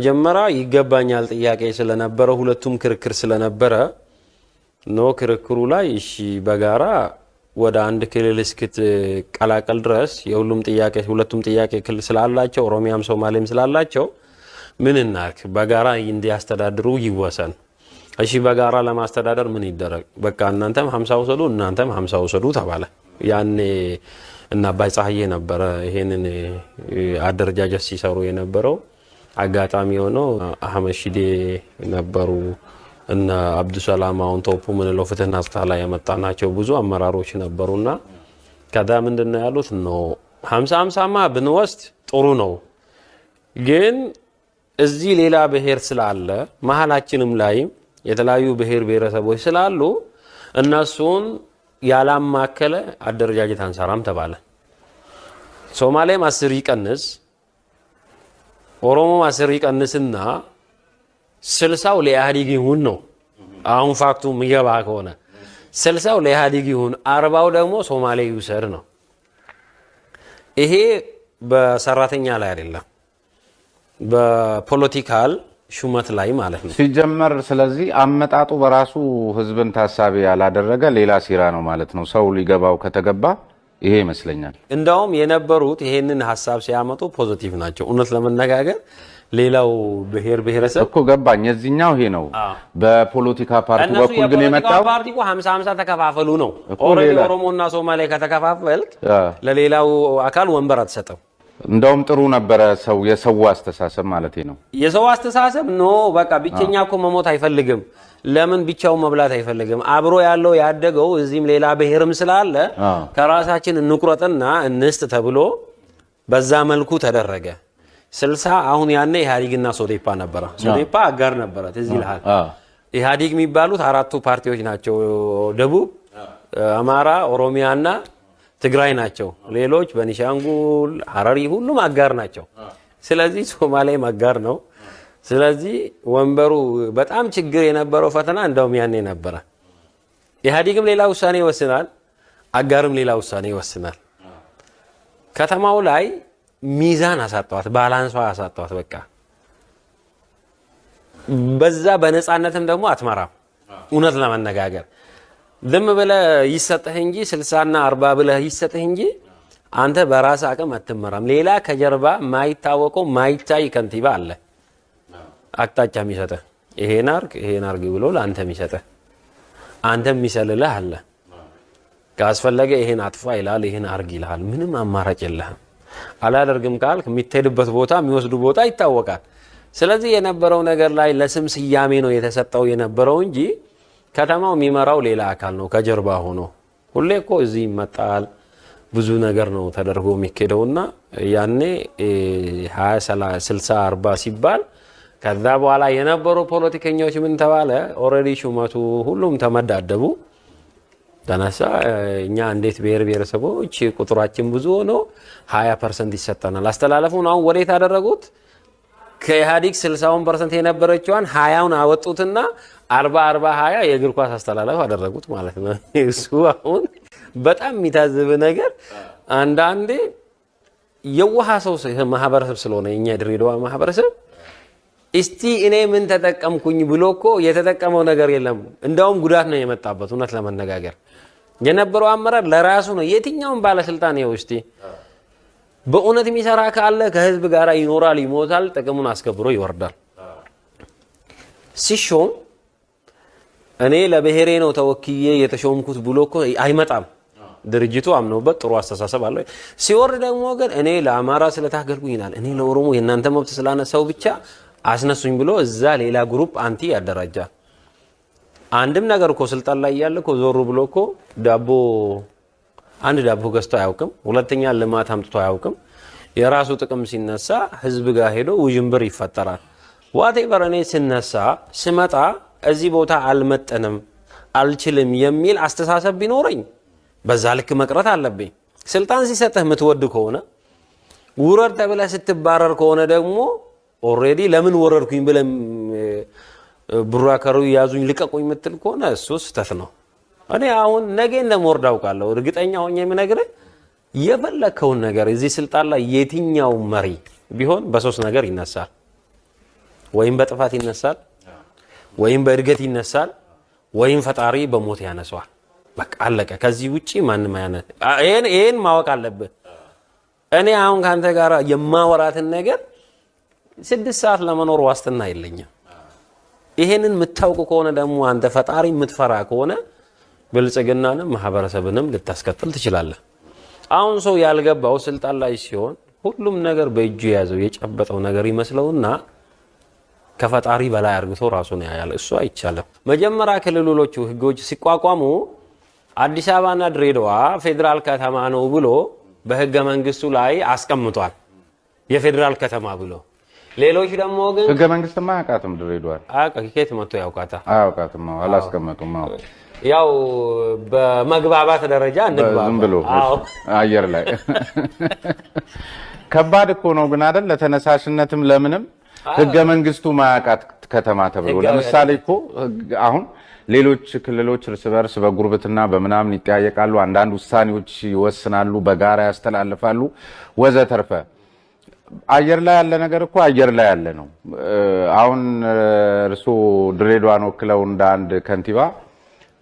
መጀመሪያ ይገባኛል ጥያቄ ስለነበረ ሁለቱም ክርክር ስለነበረ ኖ ክርክሩ ላይ እሺ በጋራ ወደ አንድ ክልል እስክትቀላቀል ድረስ የሁሉም ጥያቄ ሁለቱም ጥያቄ ክልል ስላላቸው ኦሮሚያም ሶማሌም ስላላቸው ምን እናርክ በጋራ እንዲያስተዳድሩ ይወሰን። እሺ በጋራ ለማስተዳደር ምን ይደረግ? በቃ እናንተም ሀምሳ ውሰዱ እናንተም ሀምሳ ውሰዱ ተባለ። ያኔ እና አባይ ፀሐዬ ነበረ ይሄንን አደረጃጀት ሲሰሩ የነበረው አጋጣሚ የሆነው አህመድ ሺዴ ነበሩ እነ አብዱሰላም አሁን ቶፑ ምንለው ፍትህና ስታ ላይ የመጣ ናቸው። ብዙ አመራሮች ነበሩና ከዛ ምንድን ነው ያሉት ነው ሀምሳ ሀምሳማ ብንወስድ ጥሩ ነው፣ ግን እዚህ ሌላ ብሄር ስላለ መሀላችንም ላይም የተለያዩ ብሄር ብሄረሰቦች ስላሉ እነሱን ያላማከለ አደረጃጀት አንሰራም ተባለ። ሶማሌም አስር ይቀንስ ኦሮሞ ማሰር ይቀንስና ስልሳው ለኢህአዴግ ይሁን ነው። አሁን ፋክቱ የሚገባ ከሆነ ስልሳው ለኢህአዴግ ይሁን፣ አርባው ደግሞ ሶማሌ ይውሰድ ነው። ይሄ በሰራተኛ ላይ አይደለም፣ በፖለቲካል ሹመት ላይ ማለት ነው ሲጀመር። ስለዚህ አመጣጡ በራሱ ህዝብን ታሳቢ ያላደረገ ሌላ ሲራ ነው ማለት ነው። ሰው ሊገባው ከተገባ ይሄ ይመስለኛል። እንደውም የነበሩት ይሄንን ሀሳብ ሲያመጡ ፖዘቲቭ ናቸው። እውነት ለመነጋገር ሌላው ብሔር ብሔረሰብ እኮ ገባኝ። የዚህኛው ይሄ ነው። በፖለቲካ ፓርቲ በኩል ግን የመጣው ፓርቲ እኮ 50 50 ተከፋፈሉ ነው። ኦሮሞና ሶማሌ ከተከፋፈልክ ለሌላው አካል ወንበር አትሰጠው። እንደውም ጥሩ ነበረ ሰው የሰው አስተሳሰብ ማለት ነው። የሰው አስተሳሰብ ኖ በቃ ብቸኛ እኮ መሞት አይፈልግም ለምን ብቻው መብላት አይፈልግም አብሮ ያለው ያደገው እዚህም ሌላ ብሔርም ስላለ ከራሳችን እንቁረጥና እንስጥ ተብሎ በዛ መልኩ ተደረገ። ስልሳ አሁን ያነ ኢህአዴግና ሶዴፓ ነበረ። ሶዴፓ አጋር ነበረ። እዚህ ልሃል ኢህአዴግ የሚባሉት አራቱ ፓርቲዎች ናቸው። ደቡብ፣ አማራ፣ ኦሮሚያና ትግራይ ናቸው። ሌሎች በኒሻንጉል፣ ሀረሪ ሁሉም አጋር ናቸው። ስለዚህ ሶማሌም አጋር ነው። ስለዚህ ወንበሩ በጣም ችግር የነበረው ፈተና እንደውም ያኔ ነበረ። ኢህአዲግም ሌላ ውሳኔ ይወስናል፣ አጋርም ሌላ ውሳኔ ይወስናል። ከተማው ላይ ሚዛን አሳጧት፣ ባላንሷ አሳጧት። በቃ በዛ በነፃነትም ደግሞ አትመራም። እውነት ለመነጋገር ዝም ብለህ ይሰጥህ እንጂ ስልሳና አርባ ብለህ ይሰጥህ እንጂ አንተ በራስ አቅም አትመራም። ሌላ ከጀርባ ማይታወቀው ማይታይ ከንቲባ አለ። አቅጣጫ የሚሰጠ ይሄን አርግ ይሄን አርግ ብሎ ለአንተ የሚሰጠ አንተ የሚሰልልህ አለ። ካስፈለገ ይሄን አጥፋ ይልሃል፣ ይሄን አርግ ይልሃል። ምንም አማራጭ የለህም። አላደርግም ካልክ የሚትሄድበት ቦታ የሚወስዱ ቦታ ይታወቃል። ስለዚህ የነበረው ነገር ላይ ለስም ስያሜ ነው የተሰጠው የነበረው እንጂ ከተማው የሚመራው ሌላ አካል ነው ከጀርባ ሆኖ። ሁሌ እኮ እዚህ ይመጣል ብዙ ነገር ነው ተደርጎ የሚካሄደውና ያኔ 20 60 40 ሲባል ከዛ በኋላ የነበሩ ፖለቲከኞች ምን ተባለ? ኦልሬዲ ሹመቱ ሁሉም ተመዳደቡ፣ ተነሳ። እኛ እንዴት ብሔር ብሔረሰቦች ቁጥራችን ብዙ ሆኖ 20 ፐርሰንት ይሰጠናል። አስተላለፉን አሁን ወዴት አደረጉት? ከኢህአዲግ 60 ፐርሰንት የነበረችዋን ሀያውን አወጡትና አርባ አርባ ሀያ የእግር ኳስ አስተላለፍ አደረጉት ማለት ነው። እሱ አሁን በጣም የሚታዝብ ነገር አንዳንዴ የውሃ ሰው ማህበረሰብ ስለሆነ የኛ ድሬዳዋ ማህበረሰብ እስቲ እኔ ምን ተጠቀምኩኝ ብሎ እኮ የተጠቀመው ነገር የለም። እንዳውም ጉዳት ነው የመጣበት። እውነት ለመነጋገር የነበረው አመራር ለራሱ ነው። የትኛውም ባለስልጣን ይኸው እስቲ በእውነት የሚሰራ ካለ ከህዝብ ጋር ይኖራል፣ ይሞታል፣ ጥቅሙን አስከብሮ ይወርዳል። ሲሾም እኔ ለብሔሬ ነው ተወክዬ የተሾምኩት ብሎ እኮ አይመጣም። ድርጅቱ አምነውበት ጥሩ አስተሳሰብ አለው። ሲወርድ ደግሞ ግን እኔ ለአማራ ስለታገልኩኝ ይላል። እኔ ለኦሮሞ የእናንተ መብት ስላነሳው ብቻ አስነሱኝ ብሎ እዛ ሌላ ግሩፕ አንቲ ያደራጃል። አንድም ነገር እኮ ስልጣን ላይ እያለ እኮ ዞሩ ብሎ እኮ ዳቦ አንድ ዳቦ ገዝቶ አያውቅም። ሁለተኛ ልማት አምጥቶ አያውቅም። የራሱ ጥቅም ሲነሳ ህዝብ ጋር ሄዶ ውዥንብር ይፈጠራል። ዋቴቨር እኔ ስነሳ ስመጣ እዚህ ቦታ አልመጠንም አልችልም የሚል አስተሳሰብ ቢኖረኝ በዛ ልክ መቅረት አለብኝ። ስልጣን ሲሰጥህ የምትወድ ከሆነ ውረድ ተብለህ ስትባረር ከሆነ ደግሞ ኦሬዲ ለምን ወረድኩኝ ብለ ብሩካሩ ያዙኝ ልቀቁኝ የምትል ከሆነ እሱ ስህተት ነው። እኔ አሁን ነገ እንደምወርድ አውቃለሁ። እርግጠኛ ሆኜ የምነግርህ የፈለከውን ነገር እዚህ ስልጣን ላይ የትኛው መሪ ቢሆን በሶስት ነገር ይነሳል። ወይም በጥፋት ይነሳል፣ ወይም በእድገት ይነሳል፣ ወይም ፈጣሪ በሞት ያነሰዋል። በቃ አለቀ። ከዚህ ውጪ ማንም ያነ ማወቅ አለብህ። እኔ አሁን ከአንተ ጋር የማወራትን ነገር ስድስት ሰዓት ለመኖር ዋስትና የለኝም። ይሄንን የምታውቅ ከሆነ ደግሞ አንተ ፈጣሪ የምትፈራ ከሆነ ብልጽግናንም ማህበረሰብንም ልታስቀጥል ትችላለህ። አሁን ሰው ያልገባው ስልጣን ላይ ሲሆን ሁሉም ነገር በእጁ የያዘው የጨበጠው ነገር ይመስለውና ከፈጣሪ በላይ አርግቶ ራሱን ያያል። እሱ አይቻልም። መጀመሪያ ክልሎቹ ህጎች ሲቋቋሙ አዲስ አበባና ድሬዳዋ ፌዴራል ከተማ ነው ብሎ በህገ መንግስቱ ላይ አስቀምጧል። የፌዴራል ከተማ ብሎ ሌሎች ደግሞ ግን ህገ መንግስትማ አያውቃትም። ድሬዳዋን ከየት መቶ ያውቃታ? አያውቃትም። አላስቀመጡም። ያው በመግባባት ደረጃ እንግባ ብሎ አየር ላይ ከባድ እኮ ነው ግን አይደል? ለተነሳሽነትም ለምንም ህገ መንግስቱ ማያውቃት ከተማ ተብሎ ለምሳሌ እኮ አሁን ሌሎች ክልሎች እርስ በርስ በጉርብትና በምናምን ይጠያየቃሉ። አንዳንድ ውሳኔዎች ይወስናሉ፣ በጋራ ያስተላልፋሉ ወዘተርፈ አየር ላይ ያለ ነገር እኮ አየር ላይ ያለ ነው። አሁን እርስዎ ድሬዳዋን ወክለው እንደ አንድ ከንቲባ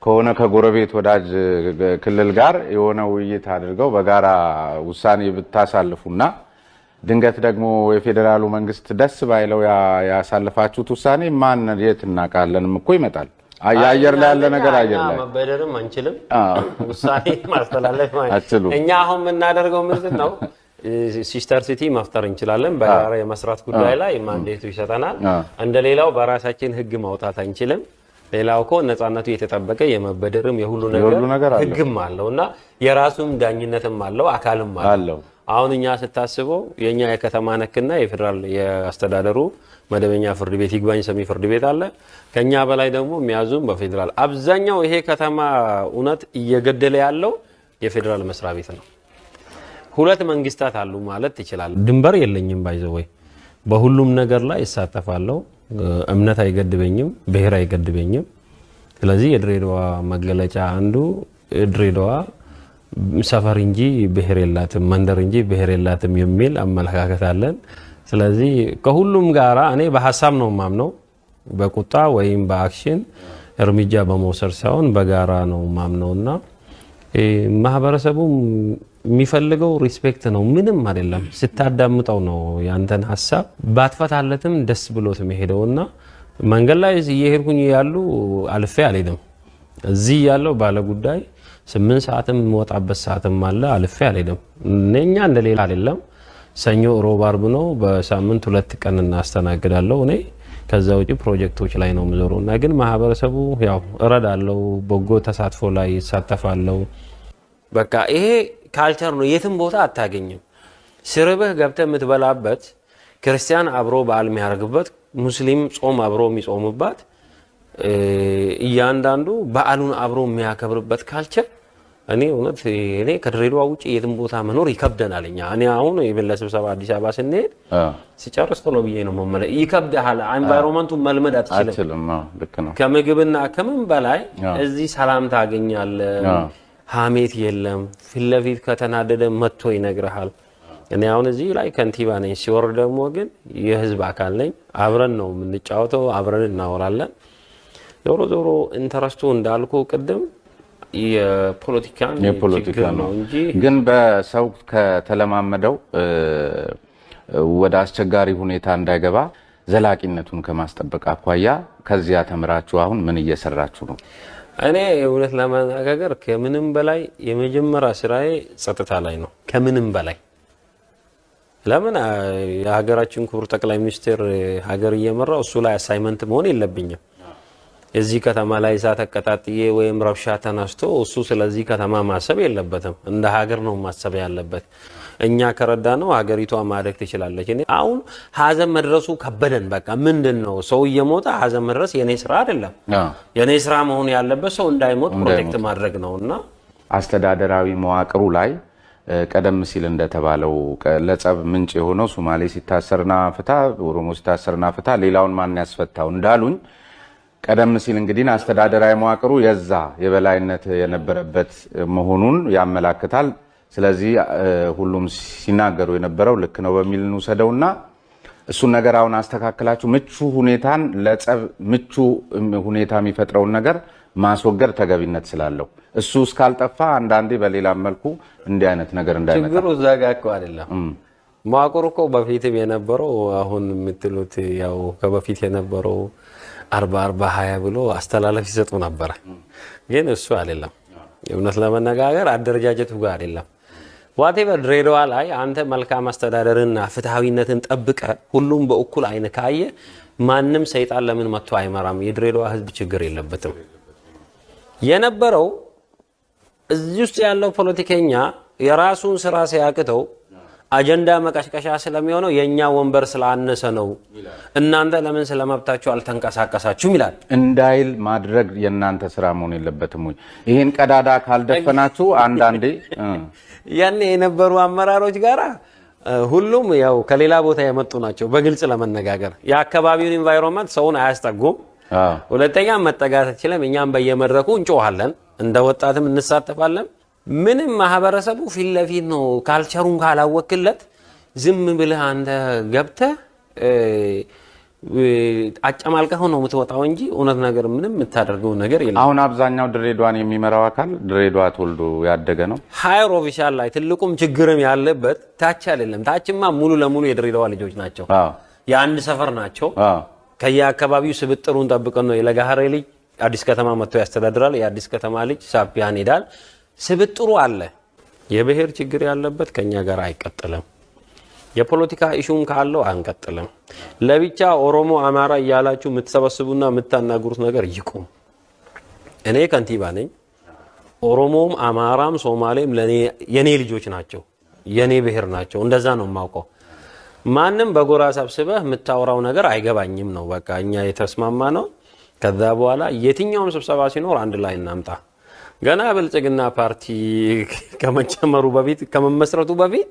ከሆነ ከጎረቤት ወዳጅ ክልል ጋር የሆነ ውይይት አድርገው በጋራ ውሳኔ ብታሳልፉና ድንገት ደግሞ የፌዴራሉ መንግስት ደስ ባይለው ያሳልፋችሁት ውሳኔ ማን የት እናውቃለንም እኮ ይመጣል። የአየር ላይ ያለ ነገር አየር ላይ መበደርም አንችልም፣ ውሳኔ ማስተላለፍ እኛ አሁን የምናደርገው ምንድን ነው ሲስተር ሲቲ መፍጠር እንችላለን። በጋራ የመስራት ጉዳይ ላይ ማንዴቱ ይሰጠናል። ሌላው በራሳችን ህግ ማውጣት አንችልም። ሌላው እኮ ነፃነቱ የተጠበቀ የመበደርም የሁሉ ነገር ህግም አለው እና የራሱም ዳኝነትም አለው አካልም አለው። አሁን እኛ ስታስበው የእኛ የከተማ ነክና የፌዴራል የአስተዳደሩ መደበኛ ፍርድ ቤት ይግባኝ ሰሚ ፍርድ ቤት አለ። ከእኛ በላይ ደግሞ የሚያዙም በፌዴራል አብዛኛው ይሄ ከተማ እውነት እየገደለ ያለው የፌዴራል መስሪያ ቤት ነው። ሁለት መንግስታት አሉ ማለት ይችላል። ድንበር የለኝም ባይዘው ወይ በሁሉም ነገር ላይ ይሳተፋለው እምነት አይገድበኝም፣ ብሔር አይገድበኝም። ስለዚህ የድሬዳዋ መገለጫ አንዱ ድሬዳዋ ሰፈር እንጂ ብሔር የላትም፣ መንደር እንጂ ብሔር የላትም የሚል አመለካከት አለን። ስለዚህ ከሁሉም ጋራ እኔ በሀሳብ ነው ማምነው፣ በቁጣ ወይም በአክሽን እርምጃ በመውሰድ ሳይሆን በጋራ ነው ማምነውና ማህበረሰቡም የሚፈልገው ሪስፔክት ነው። ምንም አይደለም። ስታዳምጠው ነው ያንተን ሀሳብ ባትፈታለትም ደስ ብሎት እና መንገድ ላይ እየሄድኩኝ ያሉ አልፌ አልሄድም። እዚህ ያለው ባለጉዳይ ስምንት ሰዓትም የምወጣበት ሰዓትም አለ። አልፌ አልሄድም። እኛ እንደሌላ አይደለም። ሰኞ፣ ሮብ፣ አርብ ነው። በሳምንት ሁለት ቀን እናስተናግዳለሁ እኔ ከዛ ውጭ ፕሮጀክቶች ላይ ነው የምዞረው እና ግን ማህበረሰቡ ያው እረዳለው፣ በጎ ተሳትፎ ላይ ይሳተፋለው። በቃ ይሄ ካልቸር ነው። የትም ቦታ አታገኝም። ስርብህ ገብተ የምትበላበት ክርስቲያን አብሮ በዓል የሚያደርግበት ሙስሊም ጾም አብሮ የሚጾምባት እያንዳንዱ በዓሉን አብሮ የሚያከብርበት ካልቸር እኔ እውነት እኔ ከድሬዳዋ ውጭ የትም ቦታ መኖር ይከብደናል። እኛ እኔ አሁን ለስብሰባ አዲስ አበባ ስንሄድ ሲጨርስ ቶሎ ብዬ ነው መመለ ይከብድሃል። ኤንቫይሮመንቱ መልመድ አትችልም። ከምግብና ከምን በላይ እዚህ ሰላም ታገኛለህ። ሀሜት የለም። ፊት ለፊት ከተናደደ መጥቶ ይነግረሃል። እኔ አሁን እዚህ ላይ ከንቲባ ነኝ፣ ሲወርድ ደግሞ ግን የህዝብ አካል ነኝ። አብረን ነው የምንጫወተው፣ አብረን እናወራለን። ዞሮ ዞሮ ኢንተረስቱ እንዳልኩ ቅድም የፖለቲካን የፖለቲካ ነው እንጂ ግን በሰው ከተለማመደው ወደ አስቸጋሪ ሁኔታ እንዳይገባ ዘላቂነቱን ከማስጠበቅ አኳያ ከዚያ ተምራችሁ አሁን ምን እየሰራችሁ ነው? እኔ እውነት ለመነጋገር ከምንም በላይ የመጀመሪያ ስራዬ ጸጥታ ላይ ነው። ከምንም በላይ ለምን የሀገራችን ክቡር ጠቅላይ ሚኒስትር ሀገር እየመራው እሱ ላይ አሳይመንት መሆን የለብኝም። የዚህ ከተማ ላይ እሳት አቀጣጥዬ ወይም ረብሻ ተነስቶ እሱ ስለዚህ ከተማ ማሰብ የለበትም። እንደ ሀገር ነው ማሰብ ያለበት። እኛ ከረዳ ነው ሀገሪቷ ማደግ ትችላለች። እኔ አሁን ሀዘን መድረሱ ከበደን። በቃ ምንድን ነው ሰው እየሞተ ሀዘን መድረስ የኔ ስራ አይደለም። የኔ ስራ መሆን ያለበት ሰው እንዳይሞት ፕሮቴክት ማድረግ ነው እና አስተዳደራዊ መዋቅሩ ላይ ቀደም ሲል እንደተባለው ለጸብ ምንጭ የሆነው ሶማሌ ሲታሰርና ፍታ፣ ኦሮሞ ሲታሰርና ፍታ፣ ሌላውን ማን ያስፈታው እንዳሉኝ ቀደም ሲል እንግዲህ አስተዳደራዊ መዋቅሩ የዛ የበላይነት የነበረበት መሆኑን ያመላክታል። ስለዚህ ሁሉም ሲናገሩ የነበረው ልክ ነው በሚል እንውሰደውና እሱን ነገር አሁን አስተካክላችሁ ምቹ ሁኔታን ለጸብ ምቹ ሁኔታ የሚፈጥረውን ነገር ማስወገድ ተገቢነት ስላለው እሱ እስካልጠፋ አንዳንዴ በሌላ መልኩ እንዲህ አይነት ነገር እንዳይመጣ ችግሩ እዛ ጋ እኮ አይደለም። መዋቅሩ እኮ በፊትም የነበረው አሁን የምትሉት ያው ከበፊት የነበረው አርባ አርባ ሀያ ብሎ አስተላለፍ ይሰጡ ነበረ። ግን እሱ አይደለም። እውነት ለመነጋገር አደረጃጀቱ ጋር አይደለም ዋቴቨር ድሬዳዋ ላይ አንተ መልካም አስተዳደርና ፍትሐዊነትን ጠብቀ ሁሉም በእኩል አይን ካየ ማንም ሰይጣን ለምን መጥቶ አይመራም? የድሬዳዋ ህዝብ ችግር የለበትም። የነበረው እዚህ ውስጥ ያለው ፖለቲከኛ የራሱን ስራ ሲያቅተው አጀንዳ መቀሽቀሻ ስለሚሆነው የእኛ ወንበር ስላነሰ ነው፣ እናንተ ለምን ስለመብታችሁ አልተንቀሳቀሳችሁም ይላል እንዳይል ማድረግ የእናንተ ስራ መሆን የለበትም ይህን ቀዳዳ ካልደፈናችሁ አንዳንዴ ያኔ የነበሩ አመራሮች ጋር ሁሉም ያው ከሌላ ቦታ የመጡ ናቸው። በግልጽ ለመነጋገር የአካባቢውን ኢንቫይሮንመንት ሰውን አያስጠጉም። ሁለተኛ መጠጋት አይችልም። እኛም በየመድረኩ እንጮኋለን፣ እንደ ወጣትም እንሳተፋለን። ምንም ማህበረሰቡ ፊት ለፊት ነው። ካልቸሩን ካላወክለት ዝም ብልህ አንተ ገብተህ አጨማልቀህ ነው የምትወጣው እንጂ እውነት ነገር ምንም የምታደርገው ነገር የለም። አሁን አብዛኛው ድሬዷን የሚመራው አካል ድሬዳዋ ተወልዶ ያደገ ነው። ሀይር ኦፊሻል ላይ ትልቁም ችግርም ያለበት ታች አይደለም። ታችማ ሙሉ ለሙሉ የድሬዳዋ ልጆች ናቸው። የአንድ ሰፈር ናቸው። ከየአካባቢው ስብጥሩን ጠብቀን ነው። የለጋሀሬ ልጅ አዲስ ከተማ መጥቶ ያስተዳድራል። የአዲስ ከተማ ልጅ ሳፒያን ሄዳል። ስብጥሩ አለ። የብሔር ችግር ያለበት ከኛ ጋር አይቀጥልም። የፖለቲካ ኢሹም ካለው አንቀጥልም። ለብቻ ኦሮሞ፣ አማራ እያላችሁ የምትሰበስቡና የምታናግሩት ነገር ይቁም። እኔ ከንቲባ ነኝ። ኦሮሞም፣ አማራም፣ ሶማሌም የኔ ልጆች ናቸው፣ የኔ ብሔር ናቸው። እንደዛ ነው የማውቀው። ማንም በጎራ ሰብስበህ የምታወራው ነገር አይገባኝም ነው። በቃ እኛ የተስማማ ነው። ከዛ በኋላ የትኛውም ስብሰባ ሲኖር አንድ ላይ እናምጣ። ገና ብልጽግና ፓርቲ ከመጨመሩ በፊት ከመመስረቱ በፊት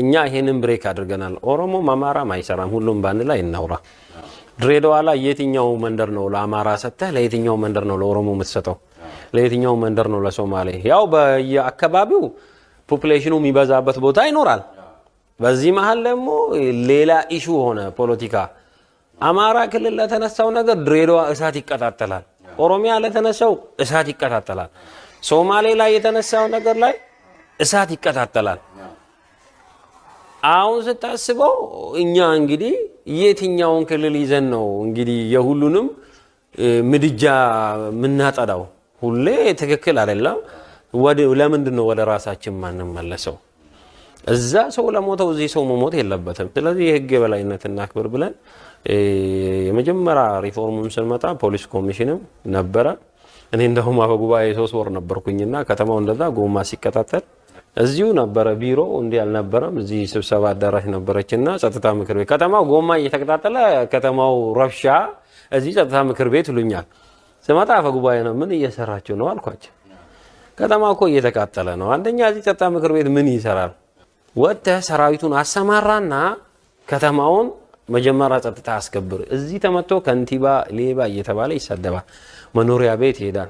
እኛ ይሄንን ብሬክ አድርገናል። ኦሮሞም አማራም አይሰራም። ሁሉም በአንድ ላይ እናውራ። ድሬዳዋ ላይ የትኛው መንደር ነው ለአማራ ሰጥተህ ለየትኛው መንደር ነው ለኦሮሞ የምትሰጠው? ለየትኛው መንደር ነው ለሶማሌ? ያው በየአካባቢው ፖፕሌሽኑ የሚበዛበት ቦታ ይኖራል። በዚህ መሀል ደግሞ ሌላ ኢሹ ሆነ ፖለቲካ። አማራ ክልል ለተነሳው ነገር ድሬዳዋ እሳት ይቀጣጠላል። ኦሮሚያ ለተነሳው እሳት ይቀጣጠላል። ሶማሌ ላይ የተነሳው ነገር ላይ እሳት ይቀጣጠላል። አሁን ስታስበው እኛ እንግዲህ የትኛውን ክልል ይዘን ነው እንግዲህ የሁሉንም ምድጃ የምናጠዳው? ሁሌ ትክክል አይደለም። ለምንድን ነው ወደ ራሳችን ማንመለሰው? እዛ ሰው ለሞተው እዚህ ሰው መሞት የለበትም። ስለዚህ የህግ የበላይነት እናክብር ብለን የመጀመሪያ ሪፎርሙም ስንመጣ ፖሊስ ኮሚሽንም ነበረ። እኔ እንደውም አፈ ጉባኤ ሶስት ወር ነበርኩኝና ከተማው እንደዛ ጎማ ሲከታተል እዚሁ ነበረ ቢሮ እንዲህ አልነበረም። እዚህ ስብሰባ አዳራሽ ነበረችና ጸጥታ ምክር ቤት ከተማው ጎማ እየተቀጣጠለ ከተማው ረብሻ እዚህ ጸጥታ ምክር ቤት ይሉኛል። ስመጣ አፈ ጉባኤ ነው ምን እየሰራችሁ ነው አልኳቸው። ከተማ እኮ እየተቃጠለ ነው። አንደኛ እዚህ ጸጥታ ምክር ቤት ምን ይሰራል? ወጥተህ ሰራዊቱን አሰማራና ከተማውን መጀመሪያ ጸጥታ አስከብር። እዚህ ተመቶ ከንቲባ ሌባ እየተባለ ይሰደባል። መኖሪያ ቤት ይሄዳል።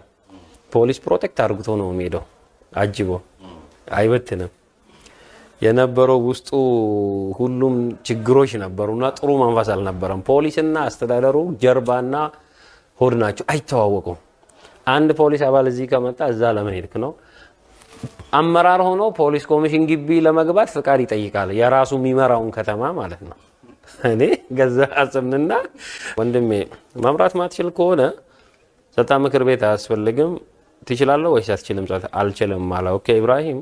ፖሊስ ፕሮቴክት አድርጎ ነው የሚሄደው፣ አጅቦ አይበትንም። የነበረው ውስጡ ሁሉም ችግሮች ነበሩና ጥሩ መንፈስ አልነበረም። ፖሊስና አስተዳደሩ ጀርባና ሆድ ናቸው፣ አይተዋወቁም። አንድ ፖሊስ አባል እዚህ ከመጣ እዛ ለምን ሄድክ ነው። አመራር ሆኖ ፖሊስ ኮሚሽን ግቢ ለመግባት ፍቃድ ይጠይቃል፣ የራሱ የሚመራውን ከተማ ማለት ነው። እኔ ገዛ አጽምንና ወንድሜ መምራት ማትችል ከሆነ ሰጣ ምክር ቤት አያስፈልግም። ትችላለሁ ወይስ አትችልም? አልችልም አለ። ኦኬ ኢብራሂም፣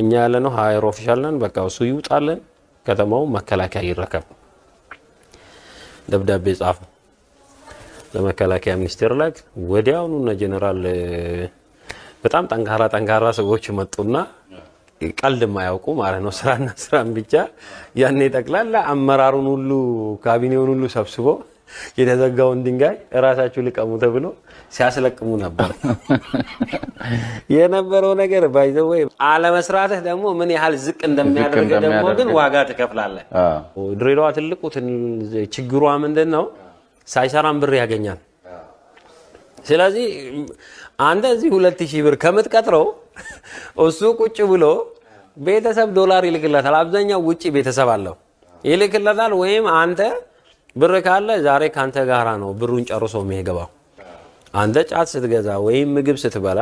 እኛ ያለ ነው ሀየር ኦፊሻል ነን። በቃ እሱ ይውጣለን፣ ከተማው መከላከያ ይረከብ። ደብዳቤ ጻፈ ለመከላከያ ሚኒስቴር ላይ ወዲያውኑ እነ ጀኔራል በጣም ጠንካራ ጠንካራ ሰዎች መጡና ቀልድ የማያውቁ ማለት ነው። ስራና ስራን ብቻ ያኔ ጠቅላላ አመራሩን ሁሉ ካቢኔውን ሁሉ ሰብስቦ የተዘጋውን ድንጋይ እራሳችሁ ልቀሙ ተብሎ ሲያስለቅሙ ነበር የነበረው ነገር። ባይዘው አለመስራትህ ደግሞ ምን ያህል ዝቅ እንደሚያደርግ ደግሞ ግን ዋጋ ትከፍላለህ። ድሬዳዋ ትልቁ ችግሯ ምንድን ነው? ሳይሰራም ብር ያገኛል። ስለዚህ አንተ እዚህ ሁለት ሺህ ብር ከምትቀጥረው እሱ ቁጭ ብሎ ቤተሰብ ዶላር ይልክለታል። አብዛኛው ውጭ ቤተሰብ አለው ይልክለታል ወይም አንተ ብር ካለ ዛሬ ካንተ ጋራ ነው ብሩን ጨርሶ የሚገባው። አንተ ጫት ስትገዛ ወይም ምግብ ስትበላ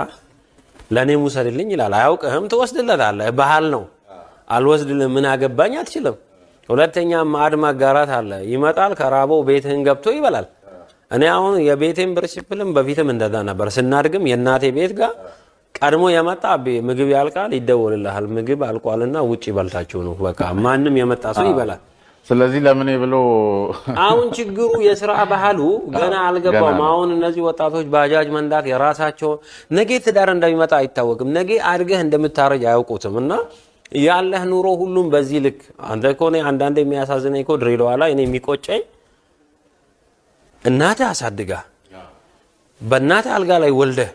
ለእኔ ውሰድልኝ ይላል። አያውቅህም፣ ትወስድለታለህ። ባህል ነው። አልወስድል ምን አገባኝ አትችልም። ሁለተኛ ማዕድ ማጋራት አለ። ይመጣል፣ ከራቦ ቤትህን ገብቶ ይበላል። እኔ አሁን የቤቴን ፕሪንሲፕልም በፊትም እንደዛ ነበር። ስናድግም የእናቴ ቤት ጋር ቀድሞ የመጣ ምግብ ያልቃል፣ ይደወልልሃል። ምግብ አልቋልና ውጭ ይበልታችሁ ነው። በቃ ማንም የመጣ ሰው ይበላል። ስለዚህ ለምን ብሎ አሁን ችግሩ የስራ ባህሉ ገና አልገባውም። አሁን እነዚህ ወጣቶች ባጃጅ መንዳት የራሳቸውን ነገ ትዳር እንደሚመጣ አይታወቅም። ነገ አድገህ እንደምታረጅ አያውቁትም። እና ያለህ ኑሮ ሁሉም በዚህ ልክ አንተ እኮ እኔ አንዳንዴ የሚያሳዝነኝ እኮ ድሬዳዋ ላይ እኔ የሚቆጨኝ እናተ አሳድጋ በእናተ አልጋ ላይ ወልደህ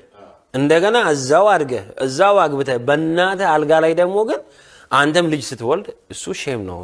እንደገና እዛው አድገህ እዛው አግብተህ በእናተ አልጋ ላይ ደግሞ ግን አንተም ልጅ ስትወልድ እሱ ሼም ነው።